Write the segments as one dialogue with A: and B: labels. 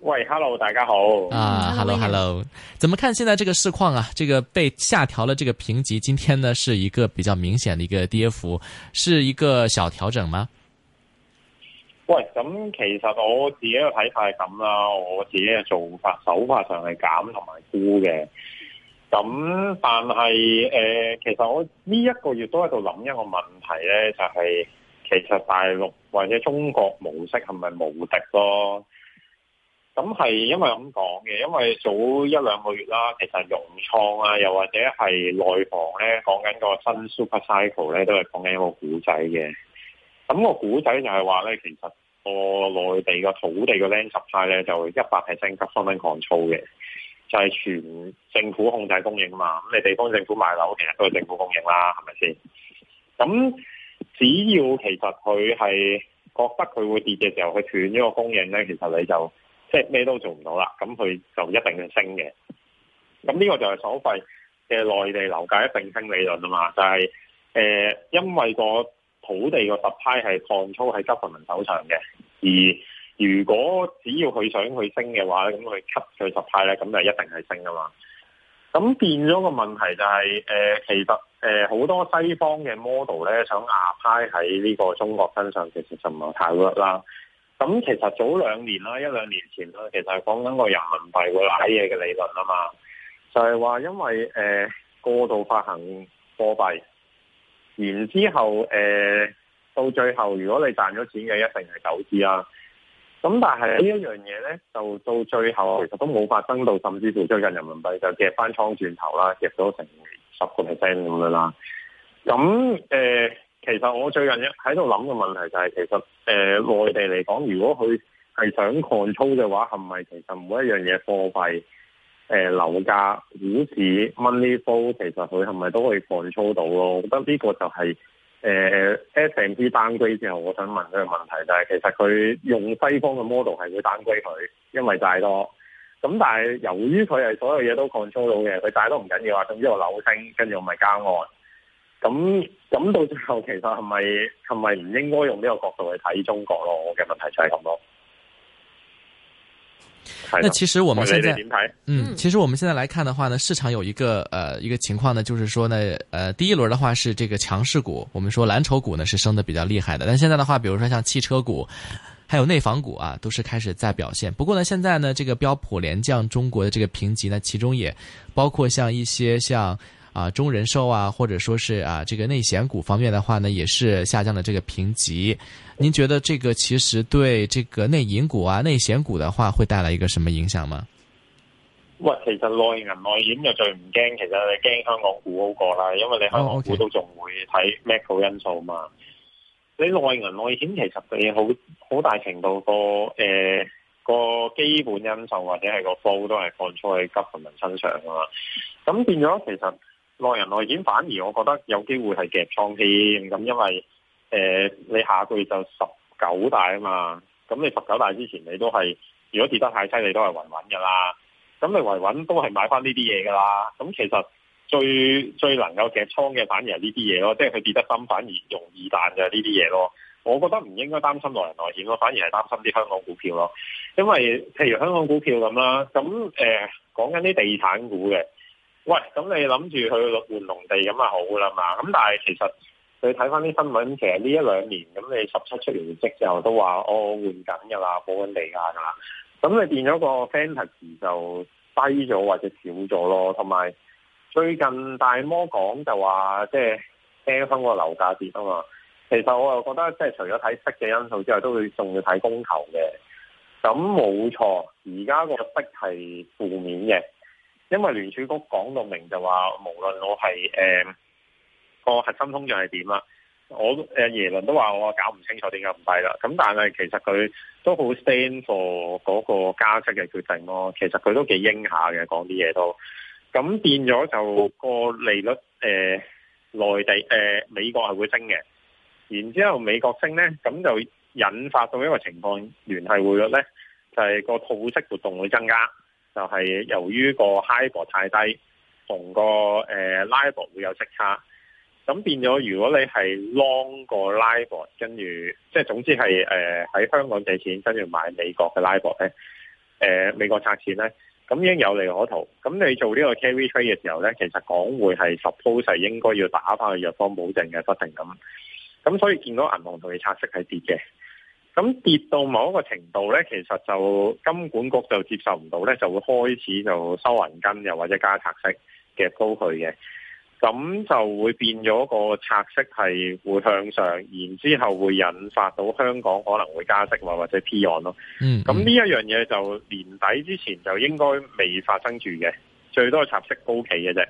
A: 喂，Hello，大家好啊，Hello，Hello，Hello。
B: 怎麼看現在這個市況啊？這個被下調了，這個評級今天呢是一個比較明顯的一個跌幅，是一個小調整嗎？
A: 喂，咁、嗯、其實我自己嘅睇法係咁啦，我自己嘅做法手法上係減同埋沽嘅。咁、嗯、但係誒、呃，其實我呢一個月都喺度諗一個問題咧，就係、是、其實大陸或者中國模式係咪無敵咯？咁係 因為咁講嘅，因為早一兩個月啦、啊，其實融創啊，又或者係內房咧，講緊個新 Super Cycle 咧，都係講緊一個古仔嘅。咁、那個古仔就係話咧，其實個內地個土地個 land 十派咧，GP, 就一百係升 control 嘅。就係全政府控制供應啊嘛，咁、那、你、個、地方政府賣樓其實都係政府供應啦，係咪先？咁只要其實佢係覺得佢會跌嘅時候，佢斷咗個供應咧，其實你就～即係咩都做唔到啦，咁佢就一定係升嘅。咁呢個就係所謂嘅內地樓價一定升理論啊嘛，就係、是、誒、呃，因為個土地個特批係抗操喺急貧民手上嘅。而如果只要佢想去升嘅話咧，咁佢吸佢特批咧，咁就一定係升噶嘛。咁變咗個問題就係、是、誒、呃，其實誒好、呃、多西方嘅 model 咧想壓派喺呢個中國身上，其實就唔係太好啦。咁其實早兩年啦，一兩年前啦，其實係講緊個人民幣會瀨嘢嘅理論啊嘛，就係、是、話因為誒、呃、過度發行貨幣，然之後誒、呃、到最後，如果你賺咗錢嘅一定係走資啦。咁但係呢一樣嘢咧，就到最後其實都冇發生到，甚至乎最近人民幣就夾翻倉轉頭啦，夾咗成十個 percent 咁樣啦。咁誒。呃其實我最近喺度諗嘅問題就係、是，其實誒內、呃、地嚟講，如果佢係想操控嘅話，係咪其實每一樣嘢貨幣、誒樓價、股、呃、市、money flow，其實佢係咪都可以操控到咯？我覺得呢個就係、是、誒、呃、S&P downgrade 之後，我想問佢嘅問題就係，其實佢用西方嘅 model 係會 downgrade 佢，因為債多。咁但係由於佢係所有嘢都操控到嘅，佢債多唔緊要啊，總之我樓升，跟住我咪加按。咁咁到最後，其實係咪，係咪唔應該用呢個角度去睇中國咯？我嘅問題就係咁咯。係。
B: 那其實我們現在你你嗯，其實我們現在來看的話呢，市場有一個呃一個情況呢，就是說呢，呃第一輪的話是這個強勢股，我們說藍籌股呢是升得比較厲害的。但現在的話，比如說像汽車股，還有內房股啊，都是開始在表現。不過呢，現在呢，這個標普連降中國的這個評級呢，其中也包括像一些像。啊，中人壽啊，或者說是啊，這個內險股方面的話呢，也是下降了這個評級，您覺得這個其實對這個內銀股啊、內險股的話，會帶來一個什麼影響嗎？
A: 喂，其實內銀內險就最唔驚，其實你驚香港股好過啦，因為你香港股都仲會睇 macro 因素嘛。Oh, okay. 你內銀內險其實你好好大程度個誒、呃、個基本因素或者係個 fall 都係放出去給文文身上噶嘛。咁變咗其實。內人內險反而，我覺得有機會係夾倉添，咁因為誒、呃、你下個月就十九大啊嘛，咁你十九大之前你都係，如果跌得太犀利都係維穩噶啦，咁你維穩都係買翻呢啲嘢噶啦，咁其實最最能夠夾倉嘅反而係呢啲嘢咯，即係佢跌得深反而容易彈嘅呢啲嘢咯。我覺得唔應該擔心內人內險咯，反而係擔心啲香港股票咯，因為譬如香港股票咁啦，咁誒、呃、講緊啲地產股嘅。喂，咁你諗住去換農地咁啊好啦嘛，咁但係其實你睇翻啲新聞，其實呢一兩年咁你十七出完業績之後都話我、哦、換緊㗎啦，保緊地價㗎啦，咁你變咗個 fantasy 就低咗或者少咗咯，同埋最近大摩講就話即係驚翻個樓價跌啊嘛，其實我又覺得即係除咗睇息嘅因素之外，都會仲要睇供求嘅，咁冇錯，而家個息係負面嘅。因為聯儲局講到明就話，無論我係誒、呃、個核心通脹係點啦，我誒耶倫都話我搞唔清楚點解唔低啦。咁但係其實佢都好 stand for 嗰個加息嘅決定咯。其實佢都幾鷹下嘅，講啲嘢都。咁變咗就個利率誒、呃、內地誒、呃、美國係會升嘅。然之後美國升咧，咁就引發到一個情況，聯繫匯率咧就係、是、個套息活動會增加。就係、是、由於個 h 博太低，同、那個誒 l 博會有色差，咁變咗如果你係 long 個 l 博，跟住即係總之係誒喺香港借錢，跟住買美國嘅 l 博呢，誒、呃、美國拆錢咧，咁應有利可圖。咁你做呢個 KV trade 嘅時候呢，其實港匯係十 u p 應該要打返去藥方保證嘅，忽定咁。咁所以見到銀行同佢拆息係跌嘅。咁跌到某一個程度咧，其實就金管局就接受唔到咧，就會開始就收銀根，又或者加拆息夾高佢嘅，咁就會變咗個拆息係會向上，然之後會引發到香港可能會加息或或者 P 按咯。嗯，咁呢一樣嘢就年底之前就應該未發生住嘅，最多係拆息高企嘅啫。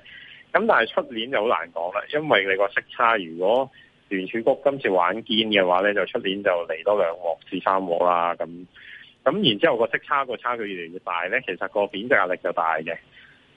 A: 咁但係出年就好難講啦，因為你個息差如果。聯儲局今次玩堅嘅話咧，就出年就嚟多兩鑊至三鑊啦。咁咁然之後個息差個差距越嚟越大咧，其實個貶值壓力就大嘅。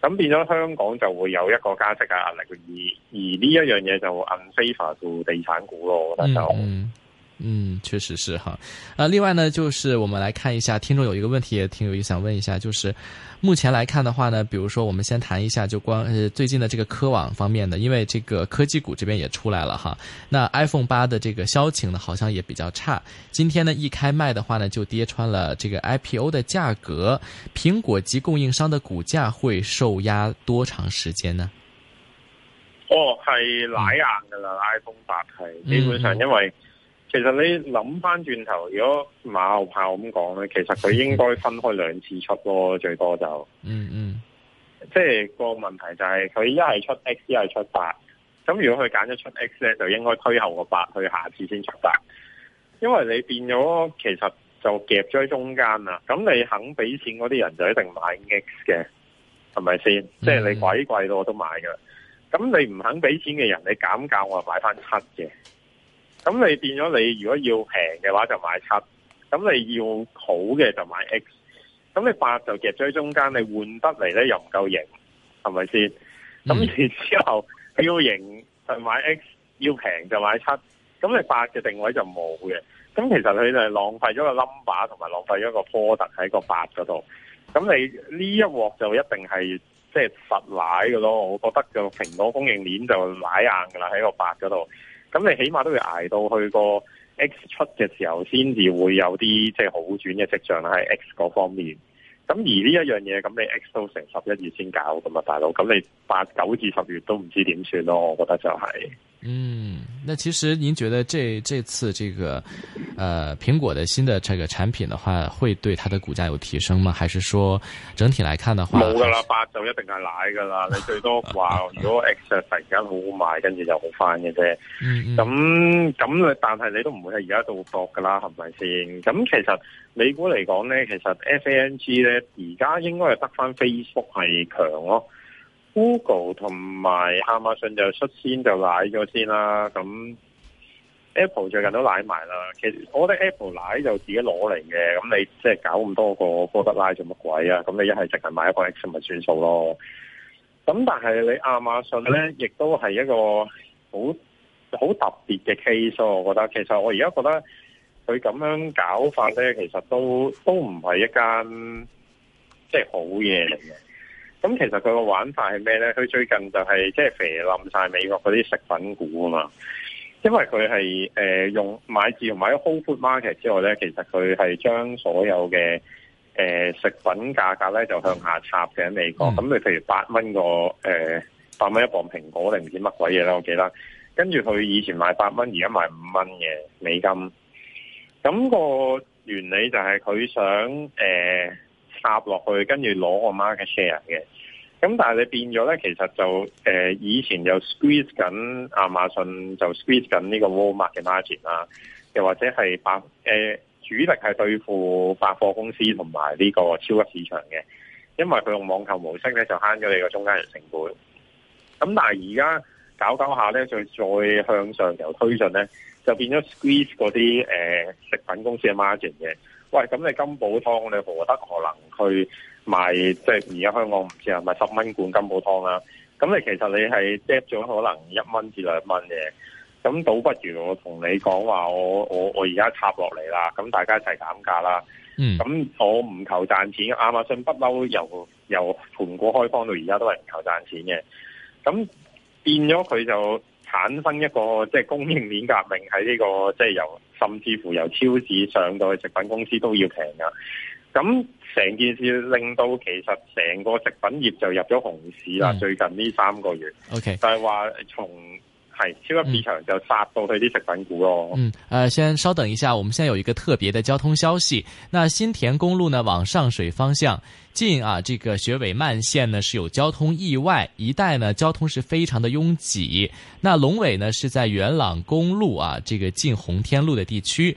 A: 咁變咗香港就會有一個加息嘅壓力。而而呢一樣嘢就 unfavor 做地產股咯，我覺得就。
B: 嗯，確實是哈，呃、啊，另外呢，就是我們來看一下，聽眾有一個問題也挺有意思，想問一下，就是目前來看的話呢，比如說我們先談一下，就光呃最近的這個科網方面的，因為這個科技股這邊也出來了哈。那 iPhone 八的這個銷情呢，好像也比較差。今天呢一開賣的話呢，就跌穿了這個 IPO 的價格，蘋果及供應商的股價會受壓多長時間呢？哦，
A: 係瀨嘢㗎喇、嗯、iPhone 八係、嗯、基本上因為。其實你諗翻轉頭，如果馬後炮咁講咧，其實佢應該分開兩次出咯，最多就，嗯、mm、嗯 -hmm.，即係個問題就係佢一係出 X，一係出八。咁如果佢揀咗出 X 咧，就應該推後個八去下次先出八，因為你變咗其實就夾咗喺中間啦。咁你肯俾錢嗰啲人就一定買 X 嘅，係咪先？Mm -hmm. 即係你鬼貴到我都買噶。咁你唔肯俾錢嘅人，你減價我就買買翻七嘅。咁你變咗你如果要平嘅話就買七，咁你要好嘅就買 X，咁你八就夾咗喺中間，你換得嚟咧又唔夠型，係咪先？咁、嗯、然之後要型就買 X，要平就買七，咁你八嘅定位就冇嘅。咁其實佢就係浪費咗個 number 同埋浪費咗個 port 喺個八嗰度。咁你呢一鑊就一定係即係實奶嘅咯，我覺得就蘋果供應鏈就奶硬噶啦喺個八嗰度。咁你起碼都要捱到去個 X 出嘅時候，先至會有啲即係好轉嘅跡象喺 X 嗰方面。咁而呢一樣嘢，咁你 X 都成十一月先搞咁啊，大佬。咁你八九至十月都唔知點算咯，我覺得就係、是。
B: 嗯，那其實您覺得這這次這個，呃，蘋果的新的這個產品的話，會對它的股價有提升嗎？還是說整體來看的話，冇噶啦，八
A: 就一定係奶噶啦， 你最多話如果 X 突然間好賣，跟 住就好翻嘅啫。咁、嗯、咁、嗯，但係你都唔會喺而家度搏噶啦，係咪先？咁其實美股嚟講咧，其實 FANG 咧，而家應該係得翻 Facebook 係強咯。Google 同埋亞馬遜就率先出就奶咗先啦，咁 Apple 最近都奶埋啦。其實我覺得 Apple 奶就自己攞嚟嘅，咁你即係搞咁多個波得拉做乜鬼啊？咁你一係淨係買一個 X 咪算數咯。咁但係你亞馬遜咧，亦都係一個好好特別嘅 case 咯、啊。我覺得其實我而家覺得佢咁樣搞法咧，其實都都唔係一間即係好嘢嚟嘅。咁其實佢個玩法係咩咧？佢最近就係、是、即係肥冧曬美國嗰啲食品股啊嘛，因為佢係用買自用 Whole Food Market 之外咧，其實佢係將所有嘅、呃、食品價格咧就向下插嘅喺美國。咁你譬如八蚊個八蚊、呃、一磅蘋果定唔知乜鬼嘢啦，我記得。跟住佢以前賣八蚊，而家賣五蚊嘅美金。咁、那個原理就係佢想、呃搭落去，跟住攞 market share 嘅。咁但係你變咗咧，其實就、呃、以前就 squeeze 緊亞馬遜，就 squeeze 緊呢個 Walmart 嘅 margin 啦。又或者係百、呃、主力係對付百貨公司同埋呢個超級市場嘅，因為佢用網購模式咧就慳咗你個中間人成本。咁但係而家搞搞，搞下咧，再再向上又推進咧，就變咗 squeeze 嗰啲食品公司嘅 margin 嘅。喂，咁你金寶湯，你何德何能去賣？即係而家香港唔知係咪十蚊罐金寶湯啦、啊。咁你其實你係跌咗，可能一蚊至兩蚊嘅。咁倒不如我同你講話，我我我而家插落嚟啦。咁大家一齊減價啦。咁、嗯、我唔求賺錢，亞馬遜不嬲由由盤古開放到而家都係唔求賺錢嘅。咁變咗佢就產生一個即係、就是、供應鏈革命喺呢、這個即係、就是、由。甚至乎由超市上到去食品公司都要平噶，咁成件事令到其實成個食品業就入咗熊市啦。最近呢三個月，嗯，OK，就超級市場就殺
B: 到去啲食品股咯。嗯，呃，先稍等一下，我們現在有一個特別的交通消息。那新田公路呢，往上水方向近啊，這個雪尾慢線呢是有交通意外，一帶呢交通是非常的擁擠。那龍尾呢是在元朗公路啊，這個近宏天路的地區。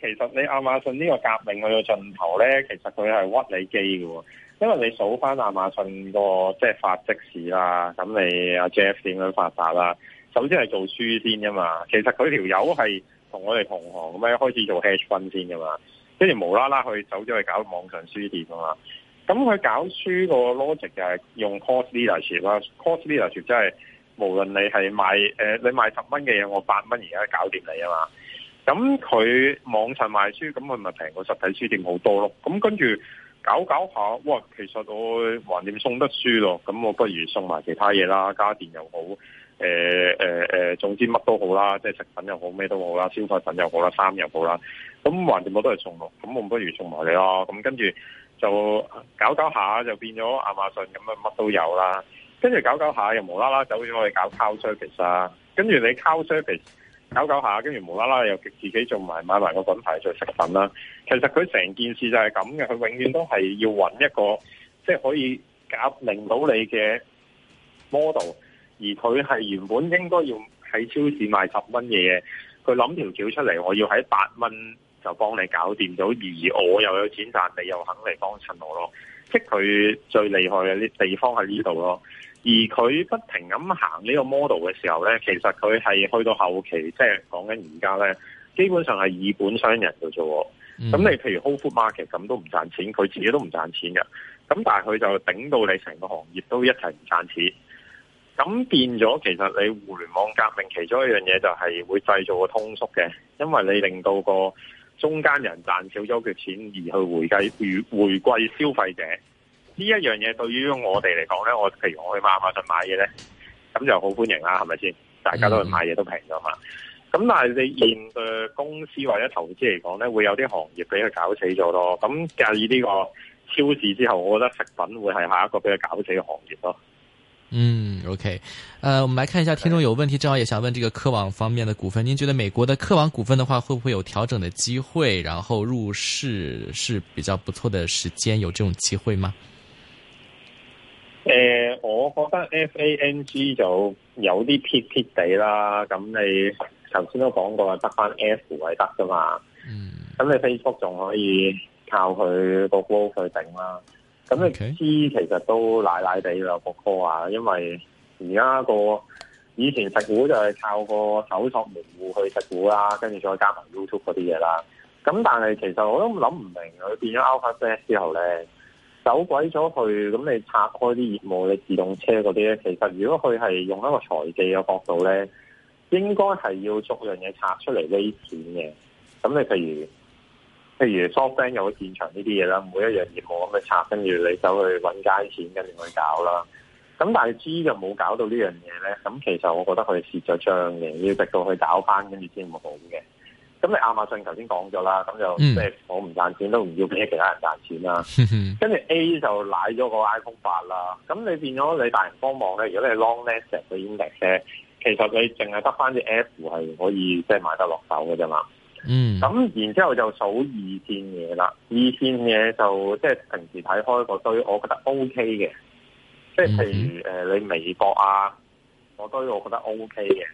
A: 其實你亞馬遜呢個革命去到盡頭咧，其實佢係屈你機嘅，因為你數翻亞馬遜個即係發跡史啦，咁你阿、啊、Jeff 點樣發達啦？首先係做書先噶嘛，其實佢條友係同我哋同行咁樣，開始做 hedge fund 先噶嘛，跟住無啦啦去走咗去搞網上書店啊嘛。咁佢搞書個 logic 就係用 cost leadership 啦，cost leadership 即係無論你係賣誒，你賣十蚊嘅嘢，我八蚊而家搞掂你啊嘛。咁佢網上賣書，咁佢咪平過實體書店好多咯？咁跟住搞搞下，哇！其實我橫掂送得書咯，咁我不如送埋其他嘢啦，家電又好，誒、呃、誒、呃呃、總之乜都好啦，即係食品又好，咩都好啦，消費品又好啦，衫又好啦，咁橫掂我都係送咯，咁我唔不如送埋你咯，咁跟住就搞搞下就變咗亞馬遜咁樣乜都有啦，跟住搞搞下又無啦啦走咗去搞 car service 啦，跟住你 car service。搞搞下，跟住無啦啦又自己做埋買埋個品牌再食品啦。其實佢成件事就係咁嘅，佢永遠都係要揾一個即係、就是、可以搞令到你嘅 model，而佢係原本應該要喺超市賣十蚊嘢，佢諗條橋出嚟，我要喺八蚊就幫你搞掂到，而我又有錢賺，你又肯嚟幫襯我咯。即係佢最厲害嘅地方喺呢度咯，而佢不停咁行呢個 model 嘅時候咧，其實佢係去到後期，即係講緊而家咧，基本上係以本相人嘅啫。咁、嗯、你譬如 Whole Foods Market 咁都唔賺錢，佢自己都唔賺錢嘅。咁但係佢就頂到你成個行業都一齊唔賺錢。咁變咗，其實你互聯網革命其中一樣嘢就係會製造個通縮嘅，因為你令到個中間人賺少咗嘅錢而去回計回，回饋消費者呢一樣嘢，對於我哋嚟講呢，我譬如我去亞馬遜買嘢呢，咁就好歡迎啦，係咪先？大家都去買嘢都平咗嘛？咁、嗯嗯、但係你面對公司或者投資嚟講呢，會有啲行業俾佢搞死咗咯。咁介意呢個超市之後，我覺得食品會係下一個俾佢搞死嘅行業咯。
B: 嗯，OK，呃我們來看一下聽眾有問題，正好也想問這個科網方面的股份。您覺得美國的科網股份的話，會不會有調整的機會？然後入市是比較不錯的時間，有這種機會嗎？
A: 誒、呃，我覺得 FANG 就有啲撇撇地啦，咁你頭先都講過，得翻 F 係得噶嘛，嗯，咁你 Facebook 仲可以靠佢個 grow 去頂啦。咁、okay? 你知其實都奶奶地啦、啊，博哥啊，因為而家個以前食股就係靠個搜索門戶去食股、啊、啦，跟住再加埋 YouTube 嗰啲嘢啦。咁但係其實我都諗唔明，佢變咗 Alphabet 之後咧走鬼咗去。咁你拆開啲業務，你自動車嗰啲咧，其實如果佢係用一個財技嘅角度咧，應該係要逐樣嘢拆出嚟啲錢嘅。咁你譬如。譬如 software 又去現場呢啲嘢啦，每一樣業務咁去拆，跟住你走去揾街錢，跟住去搞啦。咁但係 G 就冇搞到呢樣嘢咧。咁其實我覺得佢蝕咗張嘅，要逼到去搞翻，跟住先會好嘅。咁你亞馬遜頭先講咗啦，咁就即係、嗯、我唔賺錢都唔要畀其他人賺錢啦。跟 住 A 就攋咗個 iPhone 八啦。咁你變咗你大型科網咧，如果你係 long 成個 index 咧，其實你淨係得翻啲 F 係可以即係買得落手嘅啫嘛。嗯，咁然之後就數二線嘢啦，二線嘢就即係平時睇開個堆，我覺得 O K 嘅，即係譬如誒你微博啊，嗰堆我覺得 O K 嘅，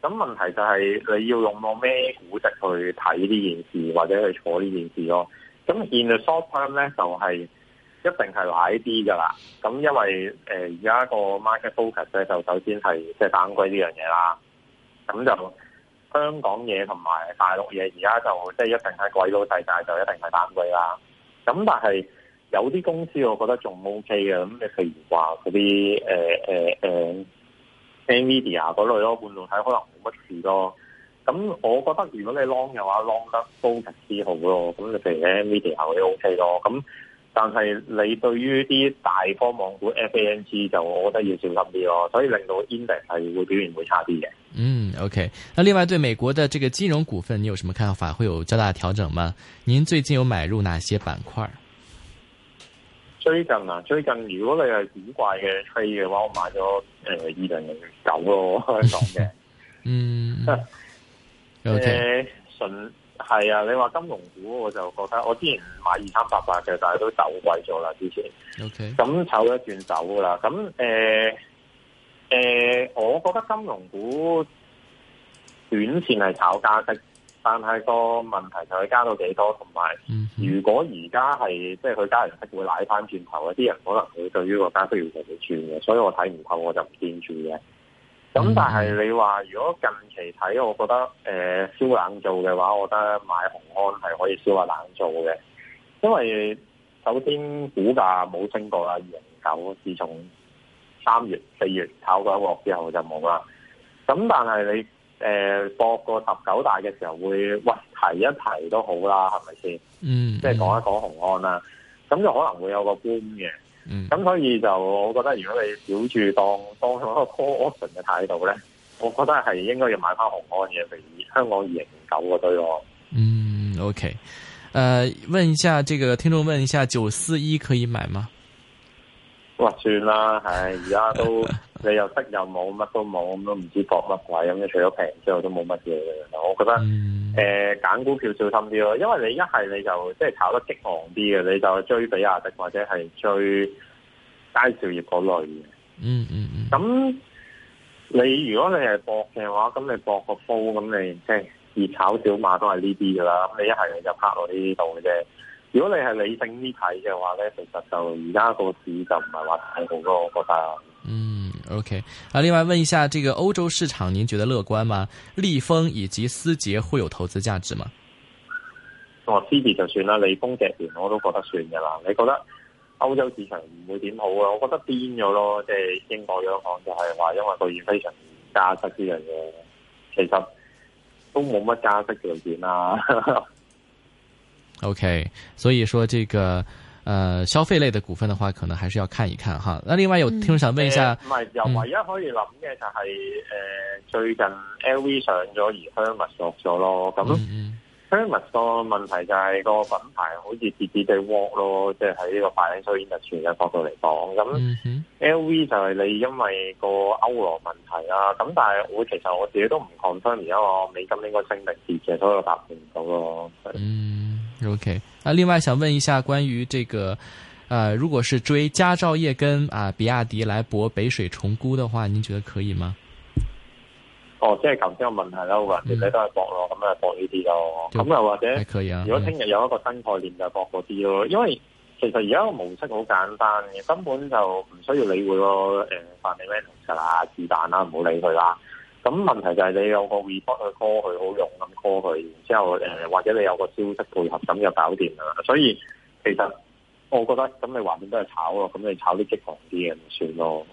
A: 咁問題就係你要用到咩估值去睇呢件事或者去坐呢件事咯，咁現在 short term 咧就係一定係買啲噶啦，咁因為誒而家個 market focus 呢，就首先係即係打緊呢樣嘢啦，咁就。香港嘢同埋大陸嘢，而家就即係、就是、一定喺鬼佬世界就一定係打鬼啦。咁但係有啲公司我覺得仲 O K 嘅，咁你譬如話嗰啲誒誒誒，Nvidia 嗰類咯，半導體可能冇乜事咯。咁我覺得如果你 long 嘅話，long 得都係幾好咯。咁你譬如咧，Nvidia 都 O K 咯。咁但係你對於啲大科網股 FANG 就我覺得要小心啲咯，所以令到 index 係會表現會差啲
B: 嘅。嗯，OK。那另外對美國嘅這個金融股份，你有什麼看法？會有較大調整嗎？您最近有買入哪些板塊？
A: 最近啊，最近如果你係古怪嘅吹嘅話，我買咗誒二零零九咯，香港嘅。的 嗯、啊、，OK、呃。順。係啊，你話金融股，我就覺得我之前買二三八八嘅，但係都走貴咗啦。之前，Okay，咁炒咗一段走噶啦。咁誒誒，我覺得金融股短線係炒加息，但係個問題就係加到幾多，同埋、嗯嗯、如果而家係即係佢加人息會拉翻轉頭咧，啲人可能佢對於個加息要自己賺嘅，所以我睇唔透，我就唔建議嘅。咁、嗯嗯、但係你話，如果近期睇，我覺得誒、呃、燒冷灶嘅話，我覺得買紅安係可以燒下冷灶嘅，因為首先股價冇升過啦，二零九，自從三月四月炒過一鑊之後就冇啦。咁但係你誒博個十九大嘅時候會，喂、呃、提一提都好啦，係咪先？嗯，即、嗯、係、
B: 就是、講
A: 一講紅安啦，咁就可能會有個搬嘅。咁、嗯、所以就，我覺得如果你小住當當一個 call option 嘅態度咧，我覺得係應該要買翻紅安譬如，香港二零九我對咯。嗯
B: ，OK，誒、呃，問一下，這個聽眾問一下，九四一可以買嗎？
A: 話算啦，係而家都。 你又得又冇，乜都冇咁都唔知博乜鬼咁。除咗平之後都冇乜嘢嘅。我覺得誒揀股票小心啲咯，因為你一係你就即係炒得激昂啲嘅，你就追比亞迪或者係追佳兆業嗰類嘅。嗯
B: 嗯
A: 咁你如果你係博嘅話，咁你博個鋪咁你即係熱炒小馬都係呢啲噶啦。咁你一係你就拍落呢度嘅啫。如果你係理性啲睇嘅話咧，其實就而家個市就唔係話太好咯，我覺得。
B: O.K.，啊，另外問一下，這個歐洲市場，您覺得樂觀嗎？利豐以及思傑會有投資價值嗎？
A: 我邊啲就算啦，利豐隻連我都覺得算嘅啦。你覺得歐洲市場唔會點好啊？我覺得癲咗咯，即係英國央行就係話，因為佢而非常加息呢樣嘢，其實都冇乜加息條件啦。
B: O.K.，所以說這個。呃，消費類的股份的話，可能還是要看一看哈。那、啊、另外有聽眾想問一下，唔、嗯、係，有、呃呃呃、唯
A: 一可以諗嘅就係、是，誒、呃，最近 LV 上咗而 Hermes 落咗咯。咁、嗯嗯、Hermes 個問題就係、是嗯，那個品牌好似跌跌地 walk 咯，即係喺呢個快出現日全嘅角度嚟講。咁、嗯嗯、LV 就係你因為個歐羅問題啊。咁但係我其實我自己都唔抗衰，而家我美金應該升定跌嘅，所以我答唔到咯。嗯。
B: O K，那另外想問一下關於這個，呃，如果是追佳兆業跟啊、呃、比亞迪來搏北水重估的話，您覺得可以嗎？
A: 哦，即係頭先個問題啦，或者你都係搏咯，咁啊搏呢啲咯，咁又或者可以、啊、如果聽日有一個新概念就搏嗰啲咯，因為其實而家個模式好簡單嘅，根本就唔需要理會咯，誒、呃，凡你咩同事啊子彈啦，唔好理佢啦。咁問題就係你有個 report 去 call 佢好用咁 call 佢，然之後誒、呃、或者你有個消息配合，咁就搞掂啦。所以其實我覺得咁你橫掂都係炒咯，咁你炒啲積分啲嘅算咯。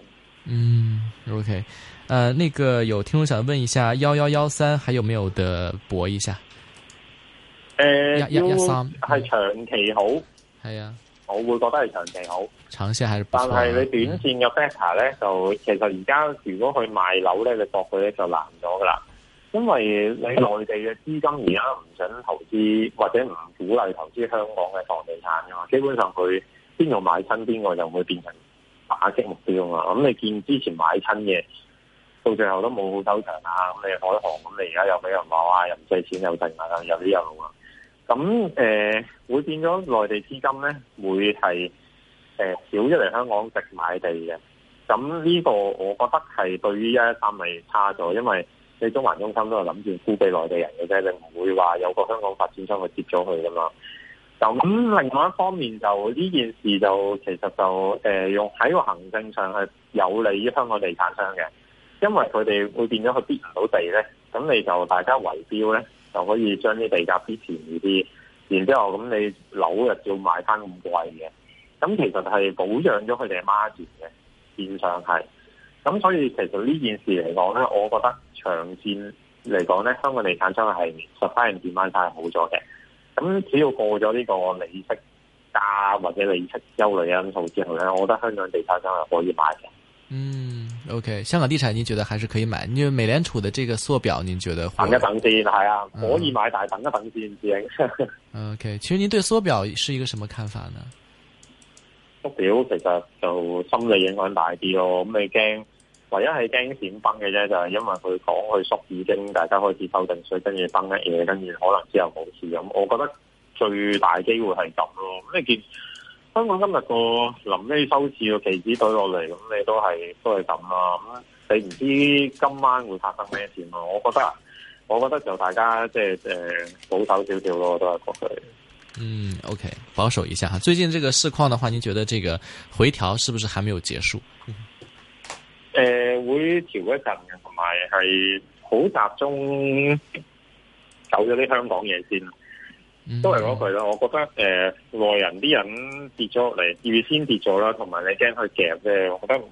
B: 嗯，OK，誒，呢個有聽眾想問一下，幺幺幺三，還有沒有得博一下？誒、
A: 呃，幺幺幺三係長期好，係啊。我會覺得係長期好，
B: 長期還是，但係你
A: 短線嘅 factor 咧，就其實而家如果去賣樓咧，你搏佢咧就難咗噶啦。因為你內地嘅資金而家唔想投資，或者唔鼓勵投資香港嘅房地產噶嘛。基本上佢邊度買親邊個就會變成打擊目標啊。咁、嗯、你見之前買親嘅，到最後都冇好收場啊。咁你海航，咁你而家又俾人攞啊，又唔借錢又剩啊，又呢又冇啊。咁誒、呃、會變咗內地資金咧，會係誒少咗嚟香港直買地嘅。咁呢個我覺得係對於一一三係差咗，因為你中環中心都係諗住租俾內地人嘅啫，你唔會話有個香港發展商接去接咗佢噶嘛。咁另外一方面就呢件事就其實就誒、呃、用喺個行政上係有利於香港地產商嘅，因為佢哋會變咗佢逼唔到地咧，咁你就大家圍標咧。就可以將啲地價撇便宜啲，然之後咁你樓又照買翻咁貴嘅，咁其實係保障咗佢哋 margin 嘅，變相。係，咁所以其實呢件事嚟講咧，我覺得長線嚟講咧，香港地產商係實體唔見翻曬好咗嘅，咁只要過咗呢個利息加或者利息憂慮因素之後咧，我覺得香港地產商係可以買嘅。
B: 嗯，OK，香港地產，你覺得還是可以買？因為美聯儲的這個縮表，你覺得？等一等
A: 先，係啊，
B: 可以買大、嗯、等一等先先、啊。OK，其實你對縮表是一個什麼看法呢？
A: 縮表其實就心理影響大啲咯，咁你驚，唯一係驚閃崩嘅啫，就係、是、因為佢講佢縮已經，大家開始收定水，跟住崩一嘢，跟住可能之後冇事咁、嗯。我覺得最大機會係咁咯，咁你見。香港今日個臨尾收市個期指倒落嚟，咁你都係都係咁啦。咁你唔知道今晚會發生咩事咯。我覺得，我覺得就大家即係誒保守少少咯，都係過去。嗯
B: ，OK，保守一下。最近這個市況的話，您覺得這個回調是不是還沒有結束？
A: 誒、嗯呃，會調一陣同埋係好集中走咗啲香港嘢先，都係嗰句啦，我覺得誒，外、呃、人啲人跌咗落嚟，預先跌咗啦，同埋你驚佢夾啫，我覺得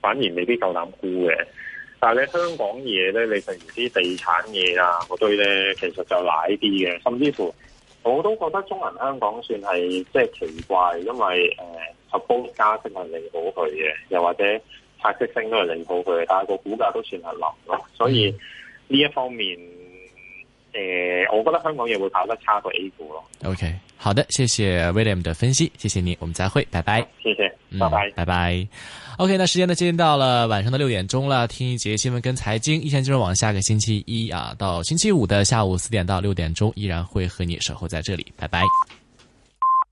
A: 反而未必夠膽估嘅。但係你香港嘢咧，你譬唔知道地產嘢啊，嗰堆咧，其實就奶啲嘅，甚至乎我都覺得中銀香港算係即係奇怪，因為誒，合煲加息係利好佢嘅，又或者拆息升都係利好佢，但係個股價都算係落咯，所以呢一方面。我覺得香港也
B: 會跑得差過 A 股咯。OK，好的，謝謝 William 的分析，謝謝你，我們再會，拜拜。謝謝，嗯、拜拜，拜拜。OK，那時間呢，接近到了晚上的六點鐘了，聽一節新聞跟財經，一線金融網下個星期一啊，到星期五的下午四點到六點鐘，依然會和你守候在這裏，拜拜。